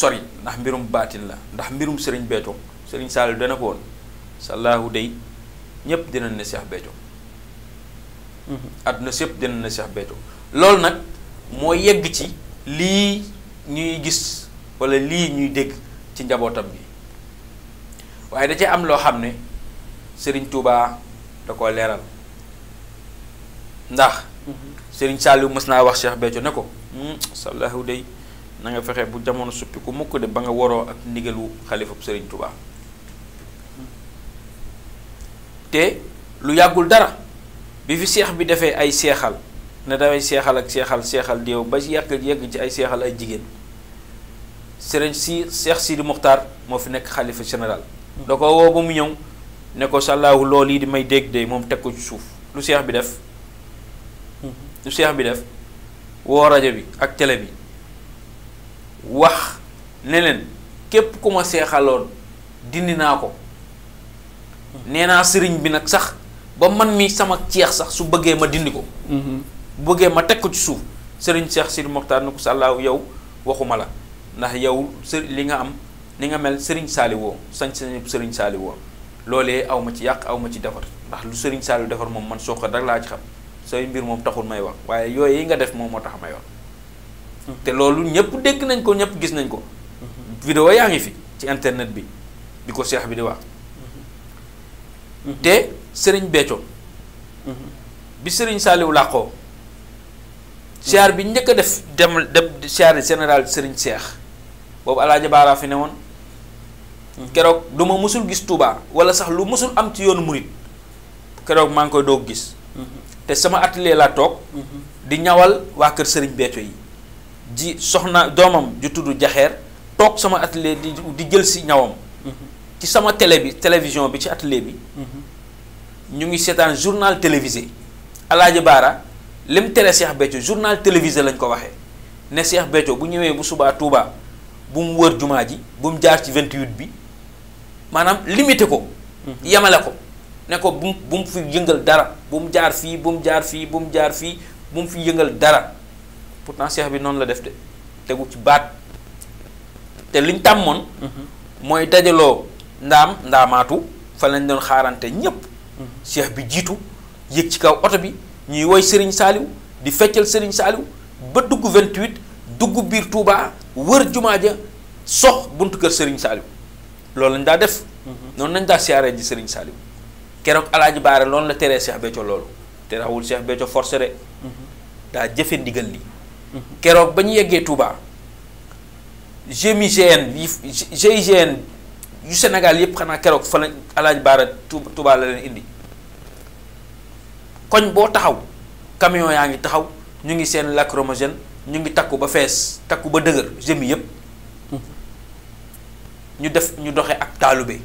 sori ndax mbirum baatin la ndax mbirum sëriñ Béthio sëriñ Saliou dana ko woon sallaahu day ñépp dina ne Cheikh Béthio àdduna sépp dina ne Cheikh Béthio loolu nag moo yegg ci lii ñuy gis walla lii ñuy dégg ci njabootam bi waaye da ci am loo xam ne sëriñ tuubaa da ko leeral ndax sëriñ Saliou mës naa wax seex Béthio ne ko hmm, sallaahu day na nga fexe bu jamono suppi ku mukk de ba nga waroo ak ndigalu xalifab Sëriñ Tuubaa te lu yàggul dara bi fi seex bi defee ay seexal ne dafay seexal ak seexal seexal déew ba yàgg yegg ci ay seexal ay jigéen sëriñ si seex Sidi Muxtaar moo fi nekk xalifa général da ko woo ba mu ñëw ne ko sàllaahu lool yi di may dégg de moom teg ko ci suuf lu seex bi def lu seex bi def woo rajo bi ak tele bi wax ne leen képp ku ma seexaloon dindi naa ko nee naa sëriñ bi nag sax ba man mii sama ceex sax su bëggee ma dindi ko mm-hmm. bëggee ma teg ko ci suuf sëriñ Cheikh Sidi Mokhtar ni ko sàllaaw yow waxuma la ndax yow sëriñ li nga am ni nga mel sëriñ Saaliwoo sañ sañu sëriñ Saaliwoo loolee aw ma ci yàq aw ma ci defar ndax lu sëriñ Saaliw defar moom man soxal rek laa ci xam say mbir moom taxul may wax waaye yooyu yi nga def moom moo tax may wax te loolu ñëpp dégg nañ ko ñëpp gis nañ ko. vidéo yaa ngi fi ci internet bi bi ko seex bi di wax. te sëriñ Béthio. bi sëriñ Saliou làqoo. siyaar bi njëkk a def dem dem siyaar général Serigne Seex boobu Alaaji Baara fi ne woon. keroog duma ma gis Touba wala sax lu musul am ci yoonu murit keroog maa ngi koy doog gis. te sama atelier laa toog. di ñawal waa kër Serigne Béthio yi. ji soxna doomam ju tudd jaxeer toog sama atelier di di jël si ñawam mm-hmm. ci sama télé bi télévision bi ci atelier bi mm-hmm. ñu ngi seetaan journal télévisé Alaaji Baara lim télé Cheikh Béthio journal télévisé lañ ko waxee ne Cheikh Béthio bu ñëwee bu subaa Touba bu wër jumaa ji bu jaar ci 28 bi maanaam limité ko mm-hmm. yemale ko ne ko bu mu fi yëngal dara bu mu jaar fii bu jaar fii bu mu jaar fii bu mu fi yëngal dara pourtant seex bi noonu la def de tegu ci baat te liñ tàmmoon mooy dajaloo ndaam ndaamaatu fa lañ doon xaarante ñépp seex bi jiitu yéeg ci kaw oto bi ñuy woy Serigne Saliou di feccal Serigne Saliou ba dugg 28 dugg biir Touba wër jumaa ja sox buntu kër Serigne Saliou loolu lañ daa def noonu nañ daa siyaaree ji Serigne Saliou keroog alaaji baare loolu la teree Cheikh Béthio loolu terewul Cheikh Béthio forcé de daa jëfe ndigal li keroog ba ñu yeggee Touba GIGN yi GIGN yu Sénégal yëpp xanaa keroog fa la alaaj baara Touba la leen indi koñ boo taxaw camion yaa ngi taxaw ñu ngi seen lacrymogène ñu ngi takku ba fees takku ba dëgër jëmi yëpp ñu def ñu doxe ak taalube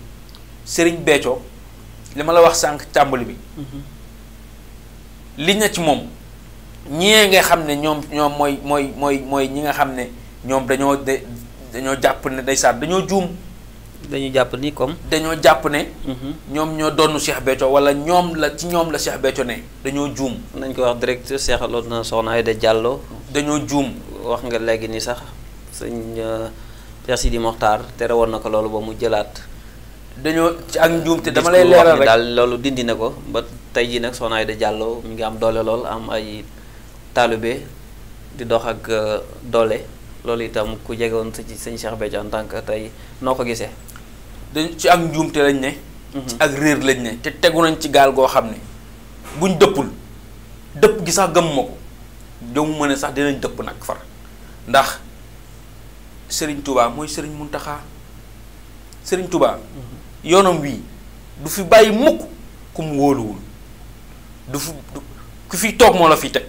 sëriñ Béthio li ma la wax sànq tàmbali bi mhm. li na ci moom ñii nga xam ne ñoom ñoom mooy mooy mooy mooy ñi nga xam ne ñoom dañoo de dañoo jàpp ne ndeysaan dañoo juum. dañoo jàpp ni comme. dañoo jàpp ne. Mhm. ñoom ñoo doonu Cheikh Béthio wala ñoom la ci ñoom la Cheikh Béthio ne dañoo juum. nañ ko wax directeur Cheikh loolu na soxna Aïda jàlloo dañoo juum. wax nga léegi ni sax sëñ euh, Cheikh di Mokhtar tere woon na ko loolu ba mu jëlaat. dañoo ci ak njuum te dama lay leeral rek loolu dindi na ko ba tey ji nag soxna da Diallo mi ngi am doole lool am ay. taalibe di dox ak euh, doole loolu itam ku jege woon sa ci sëñ Cheikh Béthio en tey noo ko gisee. dañ ci ak njuumte lañ ne. ci mhm. ak réer lañ ne te tegu nañ ci gaal goo xam ne buñ dëppul dëpp gi sax gëmuma ko jomu ma sax dinañ dëpp nag far ndax sëriñ Touba mooy Serigne Mountakha Serigne Touba. Mhm. yoonam wii du fi bàyyi mukk ku mu wóoluwul du fi ku fi toog moo la fi teg.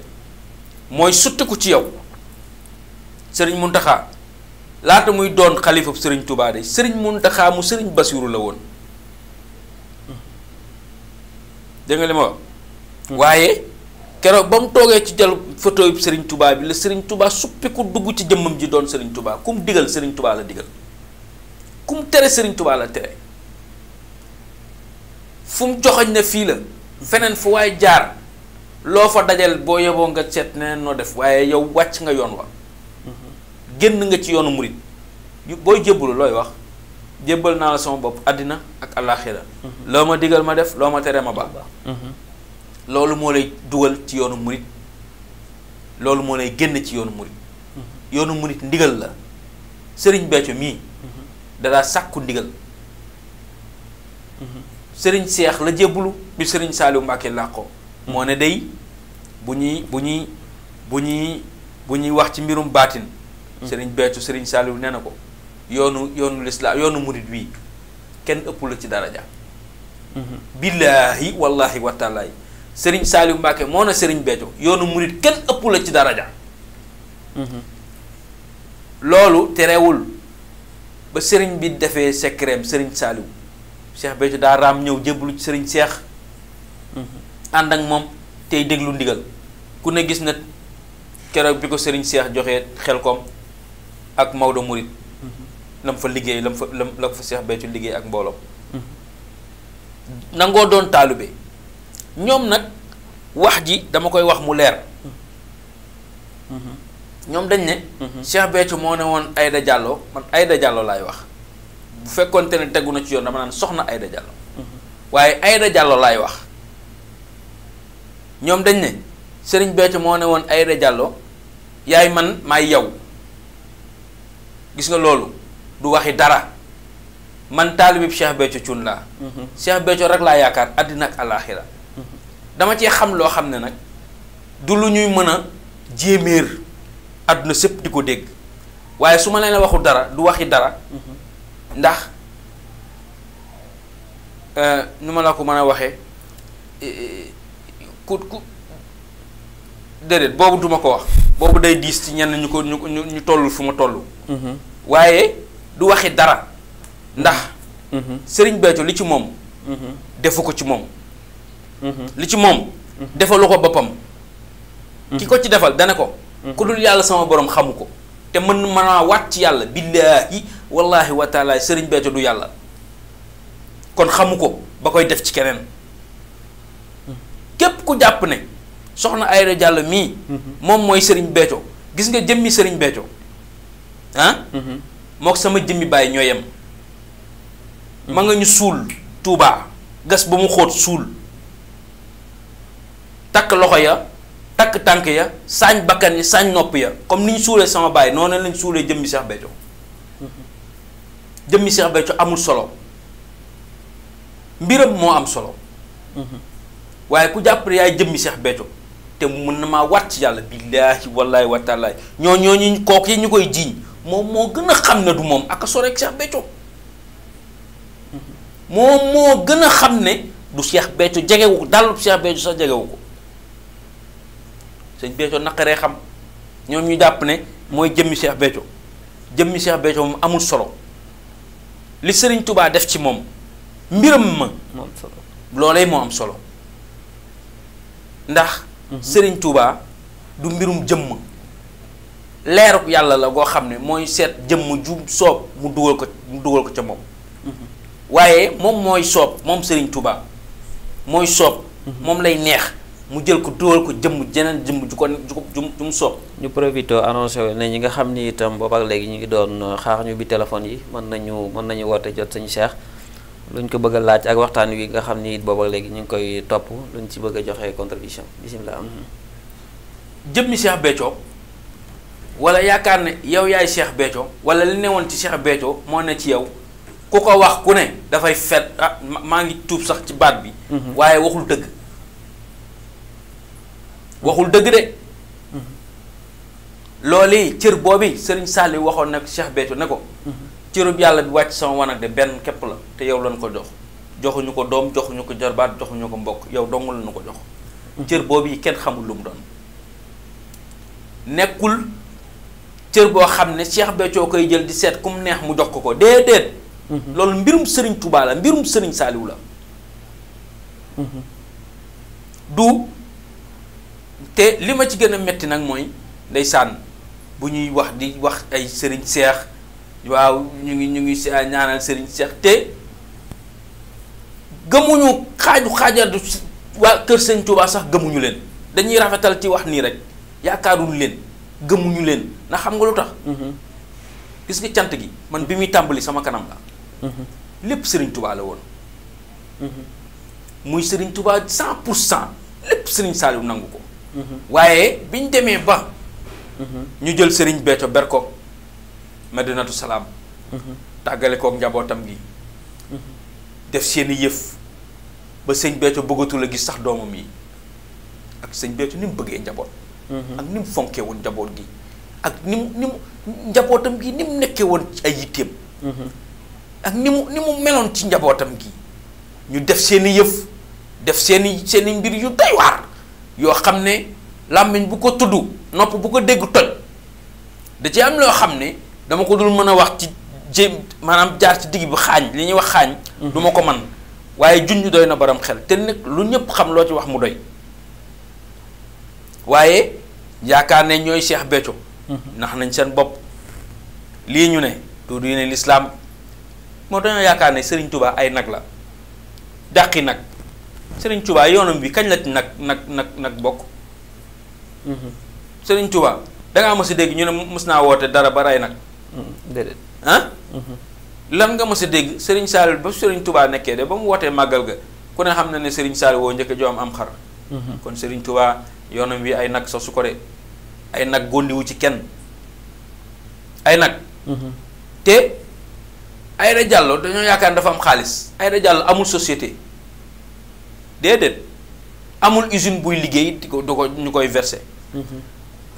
mooy suttiku ci yow sëriñ Muntaxa laata muy doon xalifab sëriñ tubaa de sëriñ Muntaxa mu sëriñ Basiiru la woon dégg waaye keroog ba mu toogee ci jal photo yi sëriñ Tuubaa bi la sëriñ tubaa suppiku dugg ci jëmmam ji doon sëriñ Tuubaa ku mu digal sëriñ Tuubaa la digal ku mu tere sëriñ Tuubaa la tere fu mu joxoñ na fii la feneen fu waaye jaar loo fa dajal boo yeboo nga seet ne neneen noo def waaye yow wàcc nga yoon wa génn nga ci yoonu murit booy jébbalu looy wax jébbal naa la sama bopp àddina ak àllaaxira loo ma digal ma def loo ma tere ma ba loolu moo lay dugal ci yoonu murit loolu moo lay génn ci yoonu murit yoonu murit ndigal la sëriñ Béthio mii dalaa sàkku ndigal sëriñ Seex la jébbalu bi sëriñ Saaliw Mbàkke làqoo moo ne day bu ñuy bu ñuy bu ñuy bu ñuy wax ci mbirum baatin mm. sëriñ Béthio sëriñ Saliou nee na ko yoonu yoonu lislaam yoonu murit wii kenn ëpp la ci daraja mm-hmm. billaahi wallaahi wataalaahi sëriñ Saliou Mbacke moo na sëriñ Béthio yoonu murit kenn ëpp la ci daraja mm-hmm. loolu terewul ba sëriñ bi defee secret sëriñ Saliou Cheikh Béthio daa raam ñëw jébbalu ci sëriñ Cheikh mm-hmm. ànd ak moom tey déglu ndigal ku ne gis na keroog bi ko Serigne Cheikh joxe xel koom ak Maodo Mouride. Mm-hmm. lam fa liggéey lam fa lam la fa Cheikh Béthio liggéey ak mbooloom. Mm-hmm. nangoo doon taalibe ñoom nag wax ji dama koy wax mu leer. Mm-hmm. ñoom dañ ne. Cheikh Béthio moo ne woon ayda Diallo man Aïda Diallo laay wax. bu fekkonte ne tegu na ci yoon dama naan soxna Aïda Diallo. waaye Aïda Diallo laay wax. ñoom dañ ne sëriñ Béthio moo ne woon Aïda Diallo yaay man maay yow gis nga loolu du waxi dara man taalibib Cheikh Béthio Thioune laa mhm. Cheikh Béthio rek laa yaakaar àddina ak alaaxira mhm. dama cee xam loo xam ne nag du lu ñuy mën a jéeméer àdduna sëpp di ko dégg waaye su ma leen waxu dara du waxi dara mhm. ndax euh, nu ma la ko mën a waxee euh, ku ku déedéet boobu duma ko wax boobu day diis ci ñenn ñu ko ñu ñu toll fu ma toll mm-hmm. waaye du waxi dara ndax mm-hmm. sëriñ Béthio li ci moom mm-hmm. defu ko ci moom li ci moom defalu ko boppam ki ko ci defal dana ko ku dul yàlla sama borom xamu ko te mën manaa wàcc ci yàlla billaahi wallaahi wa sëriñ Béthio du yàlla kon xamu ko ba koy def ci keneen képp ku jàpp ne soxna Aïda jàll mii. Mhm. moom mooy Serigne Béthio gis nga jëmmi Serigne Béthio ah. Mhm. mook sama jëmmi baay ñoo yem. ma nga ñu suul Touba gas ba mu xóot suul takk loxo ya takk tànk ya saañ bakkan yi saañ nopp ya comme ni ñu suulee sama baay noonu lañ suulee jëmmi seex Béthio mhm. jëmmi Cheikh Béthio amul solo mbiram moo am solo. waaye ku jàpp ne yaay jëmmi Cheikh Béthio te mën na maa wat ci yàlla billaahi wallaahi wa taalaay ñoo ñu kooku yi ñu koy jiiñ moom moo gën a xam ne du moom ak soreek Cheikh Béthio moom moo gën a xam ne du Cheikh Béthio jegewu ko dalub Cheikh Béthio sax jegewu ko sëñ Béthio naqaree xam ñoom ñu jàpp ne mooy jëmmi seex Béthio jëmmi seex Béthio moom amul solo li Sëriñ Tubaa def ci moom mbiram ma loolee moo am solo ndax mhm. sëriñ Touba du mbirum jëmm leeruk yàlla la goo xam ne mooy seet jëmm ju soob mu dugal ko mu dugal ko ca moom mhm. waaye moom mooy soob moom sëriñ Touba mooy soob mhm. moom lay neex mu jël ko dugal ko jëmm jeneen jëmm ju ko ju ko ju mu soob ñu profité annoncé na ñi nga xam ni itam boobaak léegi ñu ngi doon xaar ñu bi téléphone yi mën nañu mën nañu woote jot sañu Cheikh luñ ko bëgg a laaj ak waxtaan wi nga xam ni it booba léegi ñu ngi koy topp luñ ci bëgg a joxe contribution bisimilah. Mhm. jëmmi Cheikh Béthio wala yaakaar ne yow yaay Cheikh Béthio wala li newoon ci Cheikh Béthio moo ne ci yow ku ko wax ku ne dafay fet ah maa ngi tuub sax ci baat bi. Mhm. waaye waxul dëgg. waxul dëgg de. Mhm. loolu cër boobi Serigne saali waxoon nag Cheikh Béthio ne ko. cërub yàlla bi wàcc sama wanag de benn képp la te yow lañ ko jox joxuñu ko doom joxuñu ko jarbaat joxuñu ko mbokk yow dong lañu ko jox cër boobu yi kenn xamul lu mu doon nekkul cër boo xam ne Cheikh Béthio koy jël di seet ku mu neex mu jox ko ko déedéet mhm. loolu mbirum sëriñ tubaala mbirum sëriñ Saaliw la mhm. du te li ma ci gën a metti nag mooy sànn bu ñuy wax di wax ay sëriñ seex waaw ñu ngi ñu ngi ah, ñaanal Serigne Cheikh te gëmuñu xaaju xaajadu waa Kër Sëñ Touba sax gëmuñu leen dañuy rafetal ci wax nii rek yaakaarul leen gëmuñu leen ndax xam nga lu tax. Mm-hmm. gis nga cant gi man bi muy tàmbali sama kanam la. Mm-hmm. lépp Serigne Touba la woon. Mm-hmm. muy sëriñ Touba cent pour cent lépp Serigne Saliou nangu ko. waaye biñ demee ba. ñu jël Serigne Béthio ber ko. Madinatu Salaam. Mhm. tàggale kook njabootam gi. Mhm. def seeni yëf ba sëñ Béthio bëggatul a gis sax doomam yi ak sëñ Béthio ni mu bëggee njaboot. Mhm. ak ni mu fonkee woon njaboot gi ak ni mu ni mu njabootam gi ni nekkee woon ci ay yitteem. ak ni meloon ci njabootam gi ñu def seeni yëf def seeni seeni mbir yu doy yoo xam ne làmmiñ bu ko tudd nopp bu ko dégg toj da ci am loo xam ne. dama ko dul mën a wax ci jéem maanaam jaar ci digg bi xaañ li ñuy wax xaañ. Mhm. du ma ko man waaye junj doy na borom xel te nag lu ñëpp xam loo ci wax mu doy waaye yaakaar ne ñooy Cheikh Béthio. Mhm. ndax nañ seen bopp lii ñu ne du diine lislaam moo dañoo yaakaar ne Serigne Touba ay nag la dàqi nag Serigne Touba yoonam bi kañ la nag nag nag nag bokk. Mhm. Serigne Touba da ngaa mës dégg ñu ne mës naa woote dara ba rey nag. Mm-hmm. déedéet ah lan nga mës a dégg Serigne Saliou ba Serigne Touba nekkee de ba mu wootee màggal ga ku ne xam na ne Serigne Saliou woo njëkk joom am xar mm-hmm. kon Serigne Touba yoonam wi ay nag sa su de ay nag góndiwu ci kenn ay nag te Aïda Diallo dañoo yaakaar dafa am xaalis Aïda Diallo amul société déedéet amul usine buy liggéey di ko du ko ñu koy versé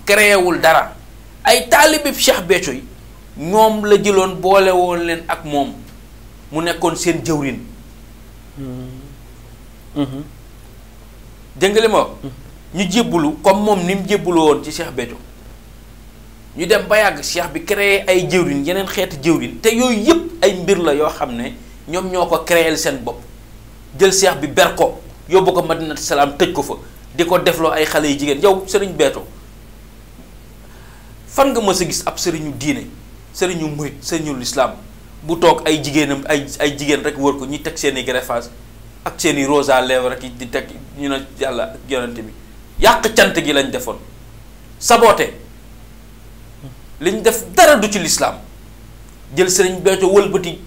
créé wul dara ay taalibe Cheikh Béthio yi moom la jëloon boole woon leen ak moom mu nekkoon seen jëwrin dégg nga li ma mm-hmm. ñu jébbulu comme moom ni mu jébbulu woon ci Cheikh Béthio ñu dem ba yàgg Cheikh bi créé ay jëwrin yeneen xeeti jëwrin te yooyu yëpp ay mbir la yoo xam ne ñoom ñoo ko créel seen bopp jël Cheikh bi ber ko yóbbu ko Madinatu Salaam tëj ko fa di ko defloo ay xale yu jigéen yow sëriñ Béthio fan nga mës a gis ab sëriñu diine sëriñu murit sëriñu lislaam bu toog ay jigéenam ay ay jigéen rek wër ko ñi teg seen i greffage ak seen i rose rekk lèvres di teg ñu ne yàlla ak yonent bi yàq cant gi lañ defoon saboote liñ def dara du ci lislaam jël sëriñ Béthio walbati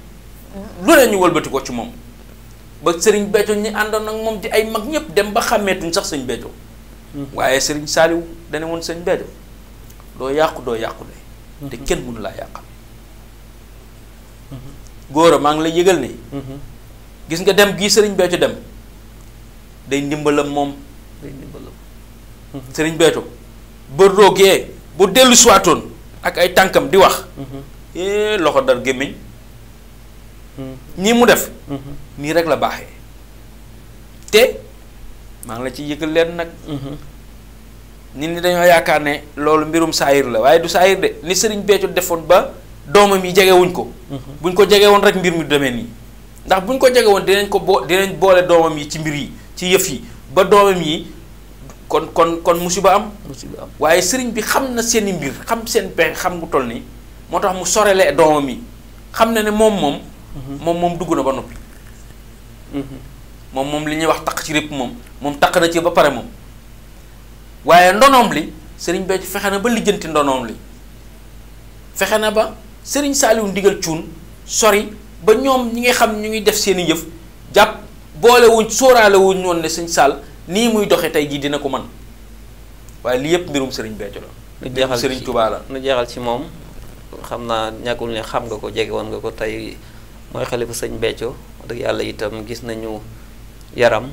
lu ne ñu wëlbati ko ci moom ba sëriñ Béthio ñi àndoon nag moom di ay mag ñëpp dem ba xàmmeetuñ sax sëñ Béthio hmm. waaye sëriñ Saaliw dane woon sëñ Béthio doo yàqu doo yàqu de te kenn mënu laa yàqal maa ngi lay yëgal ni gis nga dem gii sëriñ Béthio dem day ndimbalam moom day ndimbalam sëriñ Béthio ba roogee bu dellu suwaatoon ak ay tànkam di wax eh, loxo dar gémmiñ nii mu def nii rek la baaxee te maa ngi la ci yëgal leen nag nit ñi dañoo yaakaar ne loolu mbirum saayir la waaye du saayir de ni sëriñ bee Béthio defoon ba doomam yi jegewuñ ko mhm. buñ ko jege woon rek mbir mu demee nii ndax buñ ko jegewoon woon dinañ ko boo dinañ boole doomam yi ci mbir yi ci yëf yi ba doomam yi kon kon kon musiba am waaye sëriñ bi xam na seen i mbir xam seen pexe xam ngu toll nii moo tax mu sorele doomam yi xam na ne moom moom mhm. moom moom dugg na ba noppi mhm. moom moom li ñuy wax taq ci répp moom moom taq na ci ba pare moom waaye ndonoom li sëriñ Béthio fexe na ba lijjanti ndonoom li fexe na ba sëriñ Saliou ndigal cuun sori ba ñoom ñi nga xam ñu ngi def seen i jàpp boole wuñ sóoraale wuñ sëñ Sall nii muy doxee tey jii dina ko mën waaye li yëpp mbirum sëriñ Béthio la. lu jeexal sëriñ Touba la lu jeexal ci moom xam naa ñàkkul ne xam nga ko jegewoon nga ko tey mooy xalifa sëñ Béthio dëgg yàlla itam gis nañu yaram.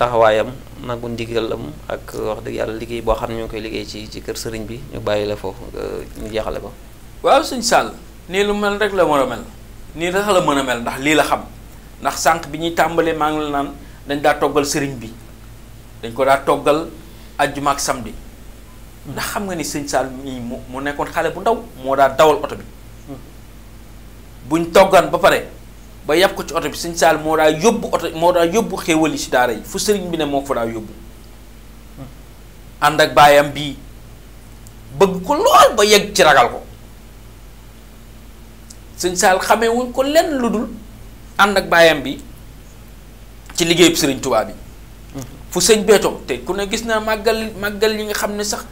taxawaayam nangu ndigalam ak wax dëgg yàlla liggéey boo xam ne ñu koy liggéey ci ci kër sëriñ bi ñu bàyyi la foofu ñu jeexale ko. waaw sëñ Sall nii lu mel rek la mën a mel nii rek la mën a mel ndax lii la xam ndax sànq bi ñuy tàmbalee maa ngi la naan dañ daa toggal sëriñ bi dañ ko daa toggal ajjuma ak samedi ndax xam nga ni sëñ Sall mii mu nekkoon xale bu ndaw moo daa dawal oto bi hmm. buñ toggaan ba pare. ba yàpp ko ci oto bi sëñ Saal moo daa yóbbu oto moo daa yóbbu xéewal yi si daara yi fu sëriñ bi ne moo ko fa daa yóbbu ànd ak baayam bii bëgg ko lool ba yegg ci ragal ko sëñ Saal xamee wuñ ko lenn lu dul ànd ak baayam bi ci liggéeyub sëriñ tubaab bi fu sëñ Beeto te ku ne gis naa màggal màggal yi nga xam ne sax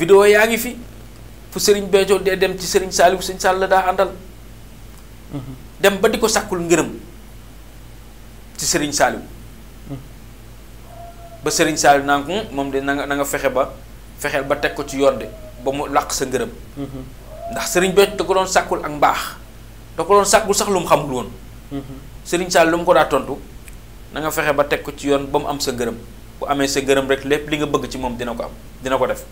vidéo yaa ngi fi fu sëriñ Beeto dee dem ci sëriñ Saaliw sëñ Saal la daa àndal. dem ba di ko sàkkul ngërëm ci sëriñ Saliou hmm. ba sëriñ Saliou naan moom de na nga fexe ba fexeel ba teg ko ci yoon de ba mu làq sa ngërëm hmm. ndax sëriñ Béthio da ko doon sàkkul ak mbaax da ko doon sàkkul sax lu mu xamul woon hmm. Serigne Saliou lu mu ko daa tontu na nga fexe ba teg ko ci yoon ba mu am sa ngërëm bu amee sa ngërëm rek lépp li nga bëgg ci moom dina ko am dina ko def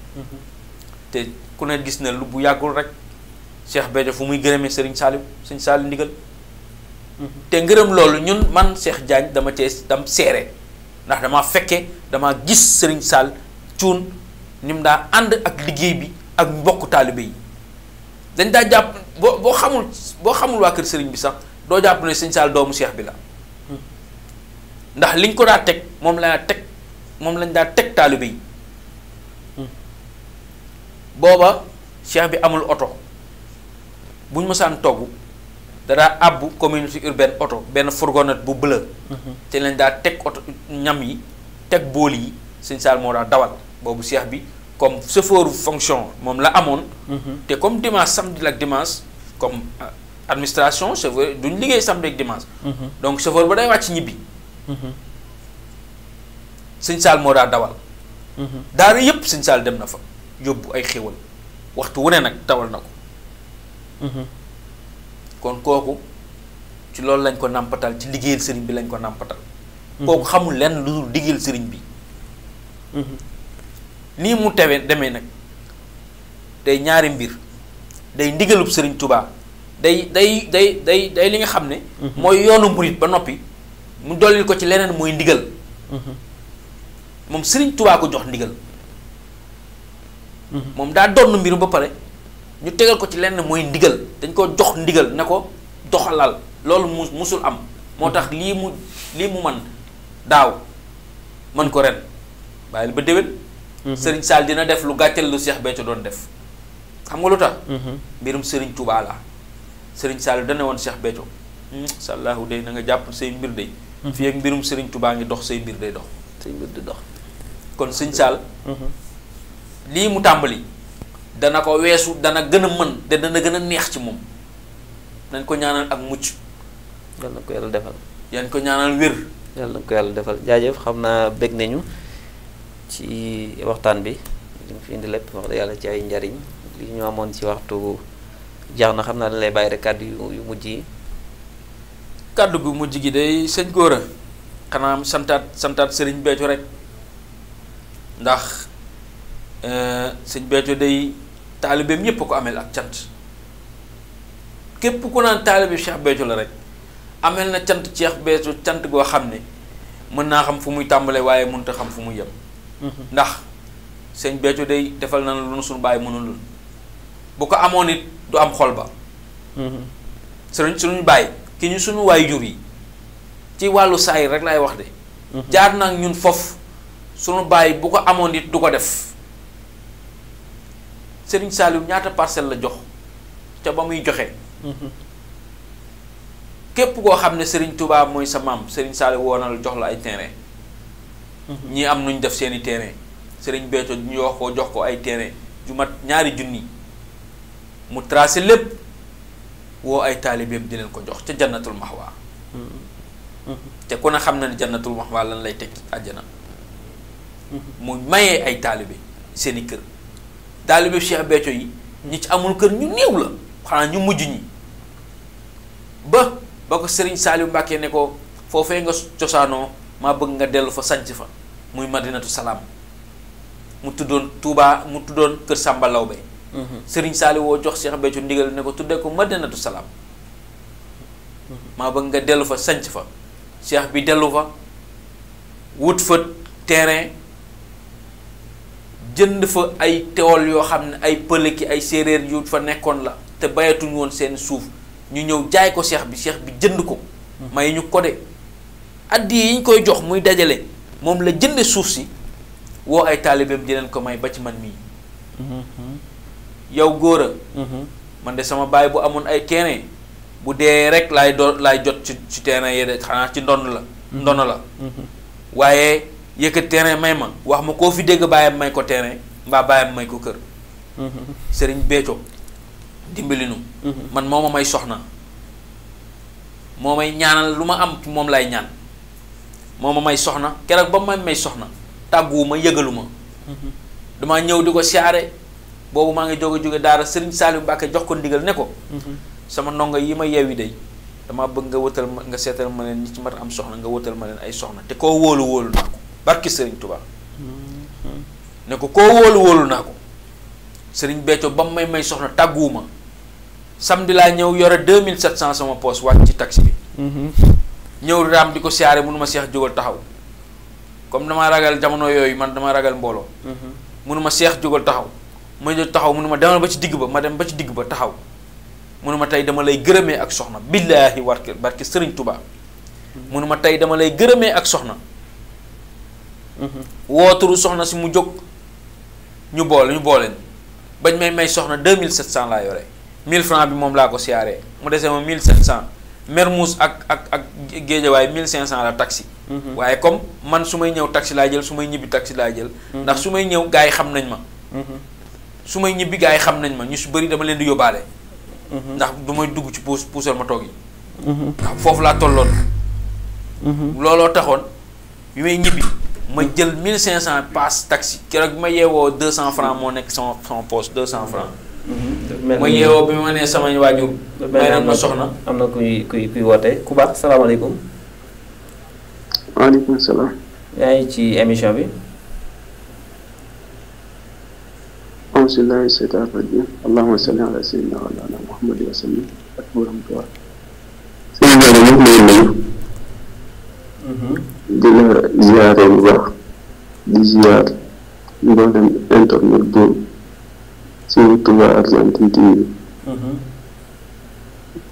te ku ne gis na lu bu yàggul rek Cheikh Béthio fu muy gërëmee Serigne Saliou Serigne Saliou ndigal te ngërëm loolu ñun man Cheikh jàng dama cee dam seere ndax dama fekke dama gis Serigne Sall cuun ni daa ànd ak liggéey bi ak mbokk taalibe yi dañ daa jàpp boo boo xamul boo xamul waa kër Serigne bi sax doo jàpp ne Serigne Sall doomu Cheikh bi la ndax liñ ko daa teg moom laa teg moom lañ daa teg taalibe yi booba Cheikh bi amul oto buñ mësaan togg dadaa àbbu communauté urbaine oto benn fourgonnette bu bleu. Mhm. te lañ daa teg oto ñam yi teg bool yi sëñ Saal moo daa dawal boobu seex bi comme chauffeur fonction moom la amoon. Mhm. te comme dimanche samedi ak dimanche comme euh, administration chauffeur duñ liggéey samedi ak dimanche. Mhm. donc chauffeur ba day wàcc ñibbi. sëñ Saal moo daa dawal. daara yëpp sëñ Saal dem na fa yóbbu ay xéwal waxtu wu nag dawal na ko. kon kooku ci loolu lañ ko nàmpatal ci liggéeyal sëriñ bi lañ ko nàmpatal kooku mhm. xamul lenn lu dul liggéeyal sëriñ bi mhm. nii mu tewee demee nag day ñaari mbir day ndigalub sëriñ tubaa day day day day day li nga xam ne mhm. mooy yoonu murit ba noppi mu dollil ko ci leneen mooy ndigal moom sëriñ tubaa ko jox ndigal moom daa donn mbiru ba pare ñu tegal ko ci lenn mooy ndigal dañ ko jox ndigal ne ko doxalal loolu mu musul am moo tax lii mu lii mu man daaw mën ko ren bàyyil ba déwén mhm. sëriñ saal dina def lu gàcceel lu Cheikh Béthio doon def xam nga lu tax mhm. mbirum sëriñ Touba la sëriñ Sall dana woon Cheikh Béthio hmm, sallaahu day na nga jàpp say mbir day mhm. fii ak mbirum sëriñ tubaa ngi dox say mbir day dox say mbir di dox kon sëriñ Sall lii mu tàmbali dana ko weesu dana gën a mën te dana gën a neex ci moom nañ ko ñaanal ak mucc. yàlla na ko yàlla defal. yan ko ñaanal wér. yàlla na ko yàlla defal jaajëf xam naa bég nañu ci waxtaan bi li mu fi indi lépp wax dëgg yàlla ci ay njariñ li ñu amoon ci waxtu jaax na xam naa dañ lay bàyyi rek kàdd yu mujj yi. kàddu gu mujj gi day sëñ góora xanaa am santaat santaat sëriñ Béthio rek ndax euh, sëñ Béthio day. taalibeem yépp a ko amee ak cant képp ku naan taalibe Cheikh Béthio la rek ameel na cant Cheikh beeju cant goo xam ne mën naa xam fu muy tàmbalee waaye mënut a xam fu muy yem mhm. ndax sëñ Béthio day defal na lu nu suñu bàyyi mënul bu ko amoon it du am xol ba mhm. sëriñ suñu bàyyi ki ñu suñu waay jur yi ci wàllu saa yi rek laay wax de mhm. jaar nag ñun foofu suñu bàyyi bu ko amoon it du ko def Serigne Saliou ñaata parcelle la jox te ba muy joxe. Mhm. képp koo xam ne sëriñ tubaab mooy sa maam Serigne Saliou woo na la jox la ay terrain. Mhm. ñii am nuñ def seeni i terrain beeto Béthio ñu wax ko jox ko ay terrain ju mat ñaari junni mu tracé lépp woo ay taalibeem di leen ko jox ca jannatul maxwa mhm. te ku ne xam na ne jannatul maxwa lan lay teg àjjana mu mayee ay taalibe seeni kër. taalibe Cheikh Béthio yi ñi ci amul kër ñu néew la xanaa ñu mujj ñi ba ba ko Serigne Saliou Mbacké ne ko foofee nga cosaanoo maa bëgg nga dellu fa sanc fa muy Madinatu Salaam mu tuddoon Touba mu tuddoon Kër Samba Lawbe mhm. Serigne Saliou woo jox Cheikh Béthio ndigal ne ko tuddee ko Madinatu Salaam mhm. maa bëgg nga dellu fa sanc fa Cheikh bi dellu fa wut fa terrain jënd fa ay tool yoo xam ne ay pël ay séeréer yu fa nekkoon la te bayatuñu woon seen suuf ñu ñëw jaay ko seex bi seex bi jënd ko hmm. may ñu ko de addi yi ñu koy jox muy dajale moom la jënde suuf si woo ay taalibeem di ko may ba ci man mii hmm, hmm. yow góor a man de sama baay bu amoon ay terrain bu dee rek lay do laay jot ci ci terrain de xanaa ci ndonn la ndonn la waaye yëkkat terrain may ma wax ma koo fi dégg bàyyam may ko terrain mbaa bàyyam may ko kër mm-hmm. sëriñ Béthio dimbali nu mm-hmm. man moo may soxna moo may ñaanal lu ma am moom lay ñaan moo ma may soxna keroog ba ma may soxna tàgguwuma yëgaluma mm-hmm. damaa ñëw di ko siyaare boobu maa ngi jóge jóge daara sëriñ Saliou Mbacke jox ko ndigal ne ko sama ndongo yi ma yeewi day damaa bëgg nga wëtal ma nga seetal ma leen ñi ci mat am soxna nga wëtal ma leen ay soxna te koo wóolu wóolu naa barki Serigne Touba. ne ko koo wóolu wóolu naa ko Serigne Béthio ba mu may may soxna tàgguwuma samedi laa ñëw yore 2700 sama poos wàcc ci taxi bi. Mhm. ñëw raam di ko siyaare ma seex jógal taxaw comme damaa ragal jamono yooyu man dama ragal mbooloo. mënuma mhm. seex jógal taxaw ma jóg taxaw mënuma demal ba ci digg ba ma dem ba ci digg ba taxaw ma tey dama lay gërëmee ak soxna billaahi war barki Serigne Touba. Mhm. ma tey dama lay gërëmee ak soxna. wooturu soxna si mu jóg ñu boole ñu booleen bañ may may soxna 2700 laa yore 1000 francs bi moom laa ko siyaaree mu desee ma 1700 Mermoz ak ak ak géejawaay 1500 la taxi. Mhm. waaye comme man su may ñëw taxi laa jël su may ñibbi taxi laa jël. Mhm. ndax su may ñëw gars yi xam nañ ma. Mhm. su may ñibbi gars yi xam nañ ma ñu su bëri dama leen di yóbbaale. ndax du may dugg ci puus puusal ma toog yi. foofu laa tolloon. looloo taxoon yu may ñibbi. ma jël 1500 paas taxi keroog bi ma yeewoo 200 francs moo nekk sama sama poche 200 francs mhm. ma yeewoo bi ma nee sama waajur. may nag ma soxna. am na kuy kuy kuy woote ku baax salaamaaleykum. waaleykum salaam. yaa ngi ci émission bi. bismillahi seytaan rajim allahuma salli ala sayyidina wa ala muhammadin wa sallim ak Mm-hmm. di la ziare bu baax di ziare mboolem internet boobu suñu Touba Argentine TV mm-hmm.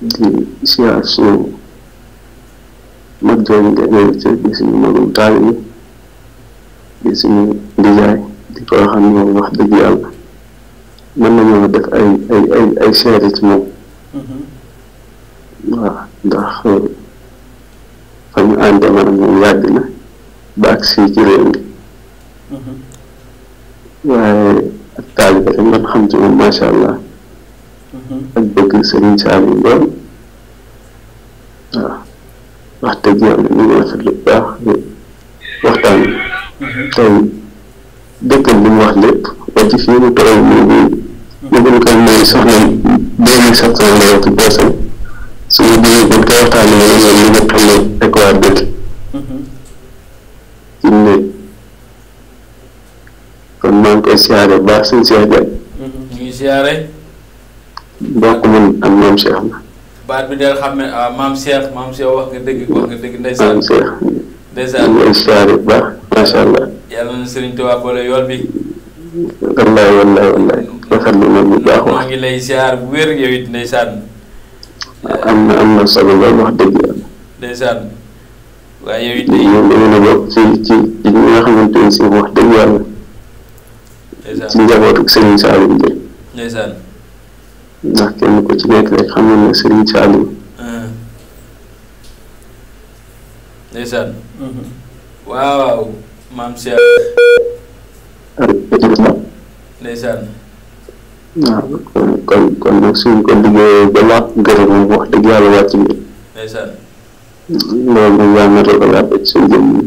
di ziare suñu mag jooju nga invité di suñu magum taalibi di suñu ndijaay di ko xam ne moom wax dëgg yàlla mën nañoo def ay ay seere moom mm-hmm. waaw ndax ànde man moom yàgg na ba ak si ci réew mm-hmm. waaye ak taalibe rek man xam ci moom macha allah mm-hmm. ak bëgg sëriñ Saaliw lool waaw wax dëgg yàlla ñu ngi rafet lu baax waxtaan mm-hmm. tey dëkkal li mu wax lépp ba ci fii mu toll nii nii ñu gën ko may soxna deux mille sept cent lay wax ci boosam suñu biir buñ koy waxtaanee ziare baax sëñ Cheikh Diagne. Mm-hmm. ñu ngi ziare. bokk nañ ak maam Cheikh la. baat bi daal xam ne ah maam Cheikh maam Cheikh wax nga dëgg wax nga dëgg ndeysaan. maam Cheikh. ndeysaan ñu ngi ziare baax macha allah. yàlla na Serigne Touba boole yool bi. wallaay wallaay wallaay rafetlu na bu baax. maa ngi lay ziar bu wér yow it ndeysaan. am na am na solo lool wax dëgg yàlla. ndeysaan. waaye yow it. yow dama ne bokk ci ci ci ñi nga xamante ne si wax dëgg yàlla. ci njabootu Serigne Saliou bi ndax kenn ku ci nekk rek xam na ne Serigne Saliou ndeysaan waaw mhm. waaw maam Cheikh ndeysaan waaw kon kon kon nag suñ ko liggéeyee ba làkk gërëm wax dëgg yàlla wàcc bi ndeysaan loolu yàlla na rogalaat ak suñ jëm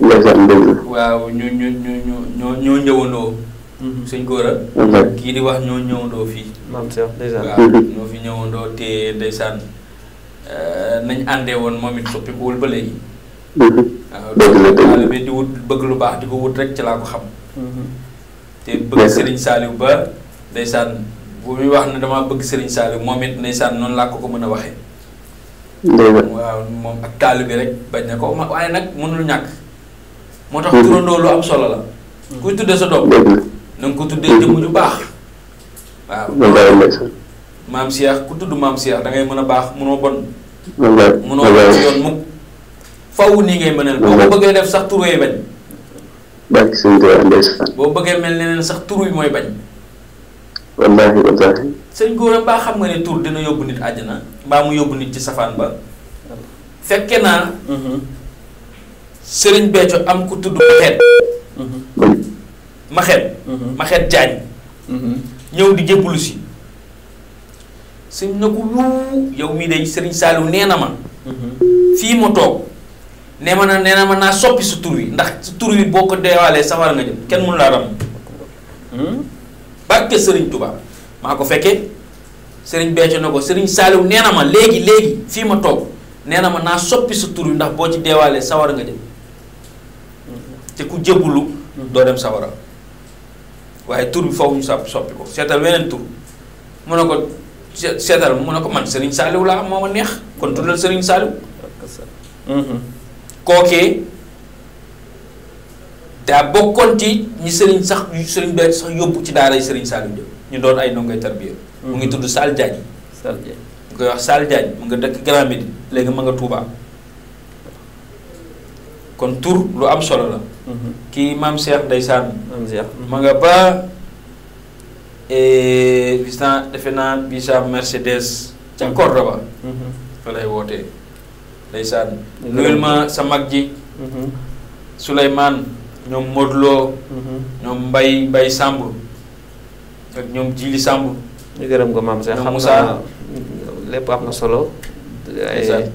ndeysaan dëgg la. waaw ñu ñu ñu ñu ñoo ñoo ñëwandoo. Mhm. sëñ Gora. kii di wax ñoo ñëwandoo fii. maam mhm. ñoo fi ñëwandoo te ndeysaan euh, nañ àndee woon moom it soppikuwul ba léegi. Mhm. dëgg la dëgg di wut bëgg lu baax di ko wut rek ci laa ko xam. te bëgg Serigne Saliou ba ndeysaan bu muy wax na damaa bëgg Serigne Saliou moom it ndeysaan noonu laa ko ko mën a waxee. waaw moom ak bi rek bañ na ko waaye nag mënul ñàkk. moo tax turandoo lu am solo la. kuy tuddee sa doom. na nga ko tuddee jëmm ju baax. waaw maam Cheikh ku tudd maam Cheikh da mën a baax mënoo bon. mënoo bon ci yoon nii ngay mëneel. boo ko bëggee def sax turu yi bañ. boo bëggee mel neneen sax turu yi mooy bañ. wallaahi sëñ Gora mbaa xam nga ne tur dina yóbbu nit àjjana mbaa mu yóbbu nit ci safaan ba. fekke naa. Mm-hmm. Serigne Béthio am ko tudd maxet Maxeet Maxeet Jaañ ñëw di jébbalu si sëñ na ko yow mii day sëriñ Saliou nee na ma mhm. fii ma toog nee ma na nee na ma naa soppi sa tur wi ndax sa tur wi boo ko deewaalee safara nga kenn mënu laa ram hmm? barke Serigne Touba maa ko fekkee Serigne Béthio na ko Serigne Saliou nee na ma léegi léegi fii ma toog nee na ma naa soppi sa tur wi ndax boo ci deewaalee sawar nga jëm te ku jébbalu doo dem sawara waaye tur bi faw ñu sa soppi ko seetal weneen tur mu ne ko seetal mu ne ko man Serigne Saliou laa moo ma neex kon tuddal Serigne Saliou mm-hmm. kookee daa bokkoon ci ñi Serigne sax Serigne Ba sax yóbbu ci daaray sëriñ Saliou jëm ñu doon ay ndongoy tarbiya mu ngi mm-hmm. tudd Sall Diagne Sall Diagne ñu koy wax Sall Diagne mu nga dëkk Grand Médine léegi ma nga Touba kon tur lu am solo la kii maam Cheikh ndeysaan maam Cheikh ma nga ba bisan e, defe naa bisa Mercedes ca Cordoba mhm. fa lay wootee ndeysaan mhm. nuyul ma sa mag ji mhm. Souleymane ñoom Modou Lo ñoom Mbay Mbay Samb ak ñoom Jili Samb ñu gërëm ko maam Cheikh xam naa lépp am na solo ay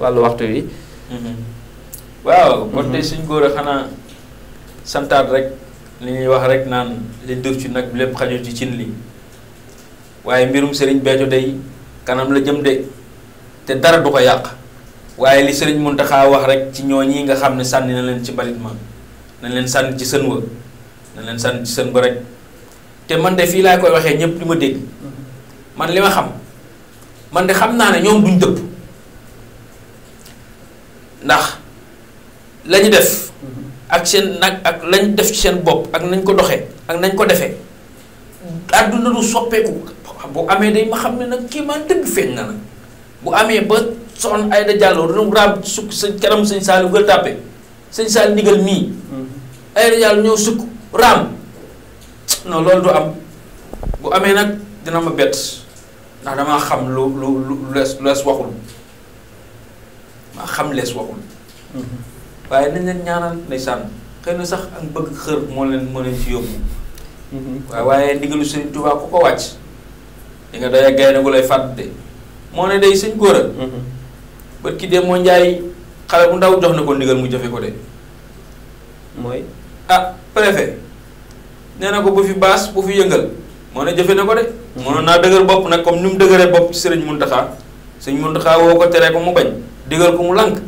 wàllu waxtu wi waaw mhm. kon tey suñ góor xanaa santaat rek li ñuy wax rek naan li dëf ci nag lépp xajul ci cin li waaye mbirum Serigne Béthio day kanam la jëm de te dara du ko yàq waaye li sëriñ Serigne Mountakha wax rek ci ñooñi nga xam ne sànni na leen ci mbalit ma nañ leen sànni ci sën wa nañ leen sànni ci sën ba rek te man de fii laa koy waxee ñëpp li ma dégg mhm. man li ma xam man de xam naa ne ñoom duñ dëpp ndax. la def ak seen nag ak lañ def ci seen bopp ak nañ ko doxee ak nañ ko defee àdduna du soppeeku bu amee day ma xam ne nag kii maa dëgg feeñ na nag bu amee ba son Aïda Diallo ru raam sukk sa kanam sëñ Saliou Gueule Tapée sëñ Saliou ndigal nii mm-hmm. Aïda Diallo ñëw sukk raam non loolu du am bu amee nag dina ma bett ndax damaa xam lu lu lu lees lees waxul maa xam lees waxul mm-hmm. waaye nañ leen ñaanal ndeysaan xëy na sax ak bëgg xër moo leen moo leen ci yóbbu. Mhm. waaw waaye ndigalu Serigne Touba ku ko wàcc di nga gaynde gu lay fàtte de moo ne day sëñ góor a mhm. bët ki de moo njaay xale bu ndaw jox na ko ndigal mu jafe ko de mooy ah préfet nee na ko bu fi baas bu fi yëngal moo ne jafe na ko de mhm. mënoon naa dëgër bopp nag comme ni mu dëgëree bopp ci Serigne sëñ Serigne Mountakha woo ko teree ko mu bañ digal ko mu lànk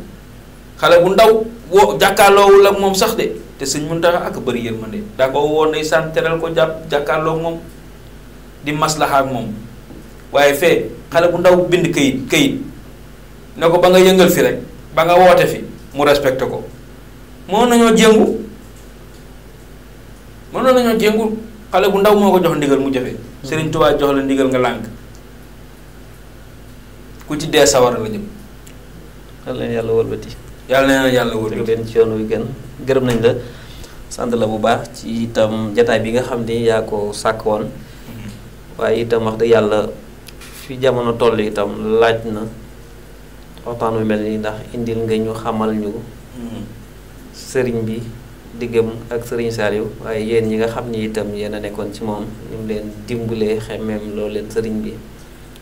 xale bu ndaw woo jàkkaarloowul ak moom sax de te sëñ Muntaxa ak bari bëri yërmande daa ko woo ndeysaan teral ko jàpp jàkkaarloo moom di maslaha ak moom waaye fee xale bu ndaw bind këyit këyit ne ko ba nga yëngal fi rek ba nga woote fi mu respecté ko moo nañoo jéngu mënoon nañoo jéngu xale bu ndaw moo ko jox ndigal mu jafe hmm. Sëriñ Tuubaa jox la ndigal nga lànk ku ci dee sawara a jëm. yàlla yàlla walbati yàlla na leen yàlla wóor leen ci yoon wi gën gërëm nañ la sant la bu baax ci itam jataay bi nga xam ni yaa ko sàkk woon waaye itam wax dëgg yàlla fi jamono toll itam laaj na waxtaan wu mel nii ndax indil nga ñu xamal ñu hmm. sëriñ bi diggam ak sëriñ Saliou waaye yéen ñi nga xam ni itam yéen a nekkoon ci moom ñu leen dimbalee xemeem loolu leen sëriñ bi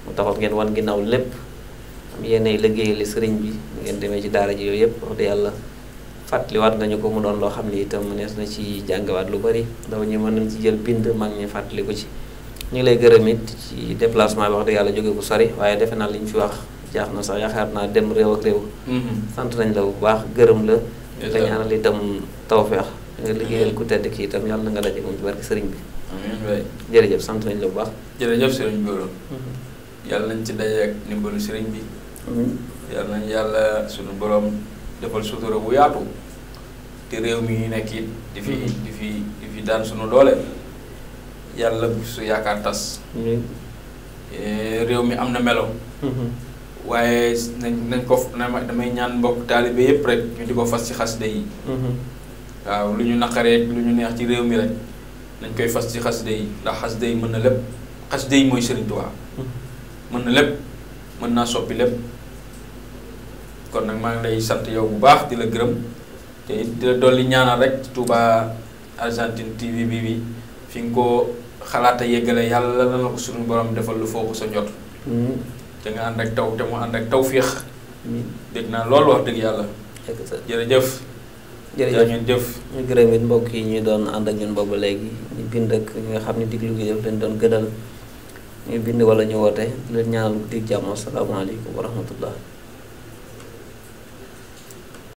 mu taxoon ngeen wan ginnaaw lépp am yéenay liggéeyale sëriñ bi ngeen demee ci daara ji yooyu yëpp wax dëgg yàlla fàttaliwaat nañu ko mu doon loo xam ne itam nees na ci jàngawaat lu bari ndaw ñi mën nañ ci jël bind mag ñi fàttali ko ci ñu ngi lay gërëm it ci déplacement bi wax dëgg yàlla jóge bu sori waaye defe naa li ñu fi wax jaax na sax yaakaar naa dem réew ak réew mm-hmm. sant nañ la bu baax gërëm la nga ñaanal itam tawfeex nga liggéeyal ku tedd ki itam yàlla na nga daje moom ci barke sëriñ bi jërëjëf sant nañ la bu baax jërëjëf sëriñ Gora mm-hmm. yàlla yal nañu yàlla suñu borom defal sutura bu yaatu te réew mi ñu nekk it di fi mm-hmm. di fi daan suñu loole yàlla bu su yaakaar tas e, réew mi am na melo mm-hmm. waaye nañ nañ ko damay ñaan mbokk taalibe yépp rek ñu di ko fas ci xasida yi mm-hmm. waaw lu ñu naqaree lu ñu neex ci réew mi rek nañ koy fas ci xasida yi ndax xasida yi mën na lépp xasida yi mooy Sëriñ mën na lépp mën naa soppi lépp kon nag maa ngi lay sant yow bu baax di la gërëm te it di la dolli ñaanal rek ci Touba Argentine TV bi bi fi nga ko xalaat a yeggale yàlla na la ko suñu borom defal lu foofu sa njot mm-hmm. te nga ànd ak taw te mu ànd ak taw fiix mm-hmm. dégg naa loolu wax dëgg yàlla jërëjëf jërëjëf ngeen jëf ñu gërëm it mbokk yi ñuy doon ànd ak ñun boobu léegi ñu bind ak ñi nga xam ne diglu gi def leen doon gëdal ñu bind wala ñu woote di leen ñaanal dig jàmm asalaamaaleykum wa rahmatullah